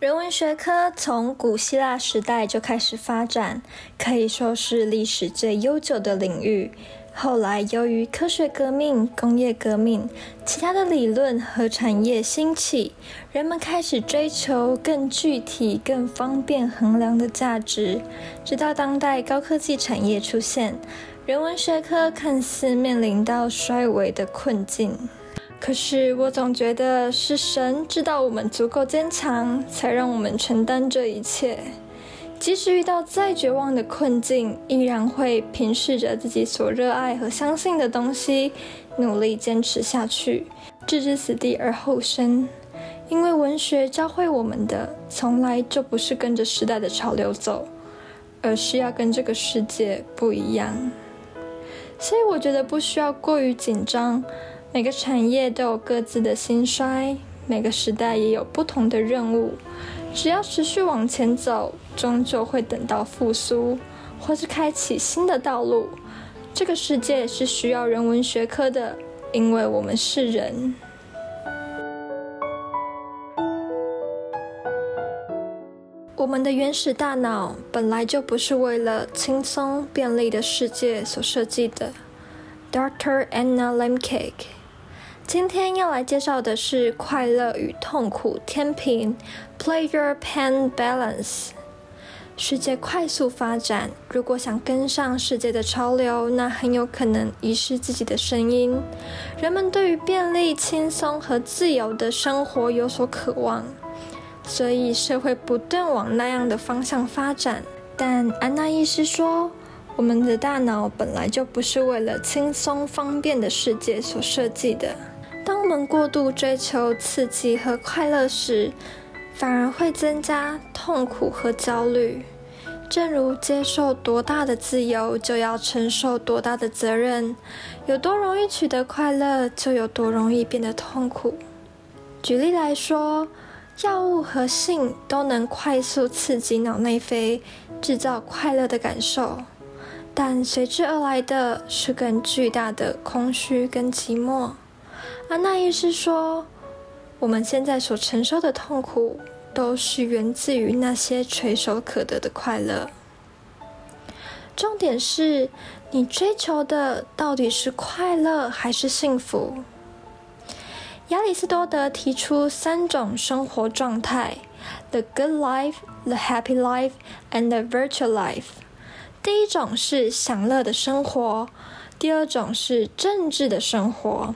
人文學科從古希臘時代就開始發展，可以說是歷史最悠久的領域。後來由於科學革命、工業革命，其他的理論和產業興起，人們開始追求更具體、更方便衡量的價值。直到當代高科技產業出現，人文學科看似面臨到衰微的困境。可是我總覺得是神知道我們足夠堅強，才讓我們承擔這一切。即使遇到再絕望的困境，依然會憑恃著自己所熱愛和相信的東西，努力堅持下去，置之死地而後生。因為文學教會我們的，從來就不是跟着時代的潮流走，而是要跟這個世界不一樣。所以我覺得不需要過於緊張。每個產業都有各自的興衰，每個時代也有不同的任務。只要持續往前走，終究會等到復甦，或是開啟新的道路。這個世界是需要人文學科的，因為我們是人。我們的原始大腦本來就不是為了輕鬆便利的世界所設計的。Dr. Anna Lembke 今天要來介紹的是快樂與痛苦天平 p l a y y o u r p a i n Balance）。世界快速發展，如果想跟上世界的潮流，那很有可能遺失自己的聲音。人們對於便利、輕鬆和自由的生活有所渴望，所以社會不斷往那樣的方向發展。但安娜醫師說，我們的大腦本來就不是為了輕鬆方便的世界所設計的。們過度追求刺激和快樂時，反而會增加痛苦和焦慮。正如接受多大的自由，就要承受多大的責任；有多容易取得快樂，就有多容易變得痛苦。舉例來說，藥物和性都能快速刺激腦內啡，制造快樂的感受。但隨之而來的是更巨大的空虛跟寂寞。安娜醫師說：“我們現在所承受的痛苦，都是源自於那些垂手可得的快樂。重點是你追求的到底是快樂還是幸福？”亞里士多德提出三種生活狀態：the good life，the happy life，and the virtual life。第一種是享樂的生活，第二種是政治的生活。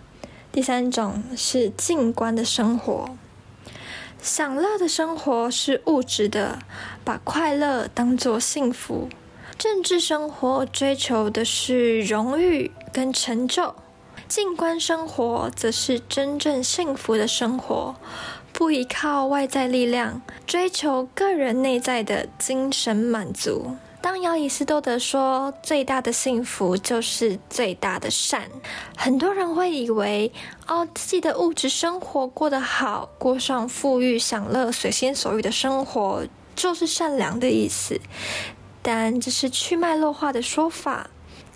第三種是靜觀的生活，享樂的生活是物質的，把快樂當做幸福；政治生活追求的是榮譽跟成就，靜觀生活則是真正幸福的生活，不依靠外在力量，追求個人內在的精神滿足。當亞里斯多德說最大的幸福就是最大的善，很多人會以為哦，自己的物質生活過得好，過上富裕、享樂、隨心所欲的生活就是善良的意思。但這是去脈絡化的說法。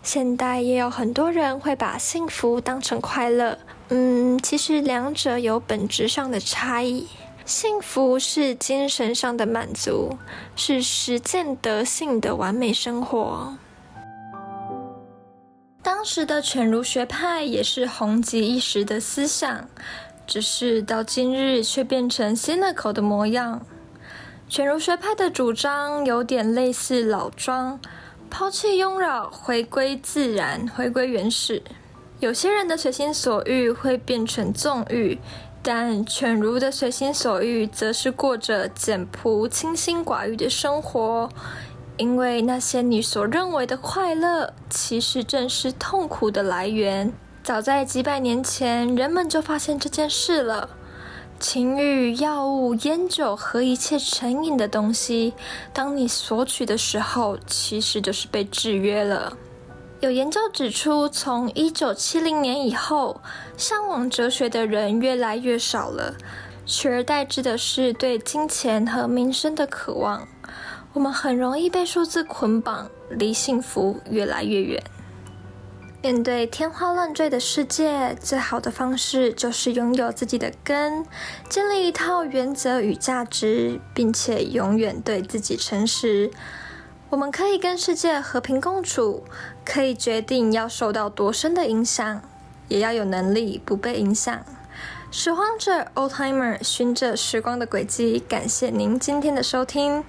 現代也有很多人會把幸福當成快樂，嗯，其實兩者有本質上的差異。幸福是精神上的滿足，是實踐德性的完美生活。當時的犬儒學派也是紅極一時的思想，只是到今日卻變成 cynical 的模樣。犬儒學派的主張有點類似老莊，拋棄庸擾，回歸自然，回歸原始。有些人的隨心所欲會變成縱欲。但犬儒的隨心所欲，則是過着簡樸、清心寡欲的生活，因為那些你所認為的快樂，其實正是痛苦的來源。早在幾百年前，人們就發現這件事了。情欲、藥物、煙酒和一切成癮的東西，當你索取的時候，其實就是被制約了。有研究指出，從一九七零年以後，向往哲學的人越來越少了，取而代之的是對金錢和名聲的渴望。我們很容易被數字捆綁，離幸福越來越遠。面對天花亂墜的世界，最好的方式就是擁有自己的根，建立一套原則與價值，並且永遠對自己誠實。我們可以跟世界和平共處，可以決定要受到多深的影響，也要有能力不被影響。拾荒者 Oldtimer 循着時光的軌跡，感謝您今天的收聽。